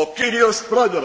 Ο κύριος πρόεδρος.